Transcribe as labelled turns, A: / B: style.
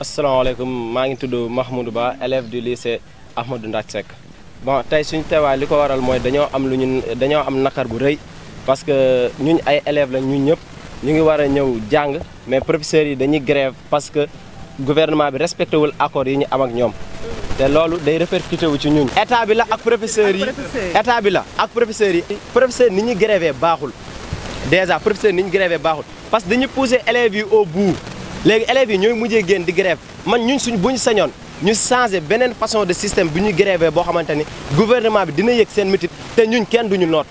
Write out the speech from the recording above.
A: asalaamaaleykum maa ngi tudd Mahmoudou Ba élève du lycée Ahmadou Ndack Seck bon tey suñu teewaay li ko waral mooy dañoo am lu ñu dañoo am naqar bu rëy parce que ñun ay élèves la ñun ñëpp ñu ngi war a ñëw jàng mais professeurs yi dañuy grève parce que gouvernement bi respecté wul accords yi ñu am ak ñoom te loolu day répercuté wu ci ñun. état bi la ak professeurs yi état bi la ak professeurs yi. professeurs ni ñu grévé baaxul déjà professeurs ni ñu grévé baaxul parce que dañu poussé élèves yi au bout. léegi élèves yi ñooy mujjee génn di grève man ñun suñ buñu ñu sañoon ñu changé beneen façon de système bu ñuy grévé boo xamante ni gouvernement bi dina yëg seen métit te ñun kenn duñu noot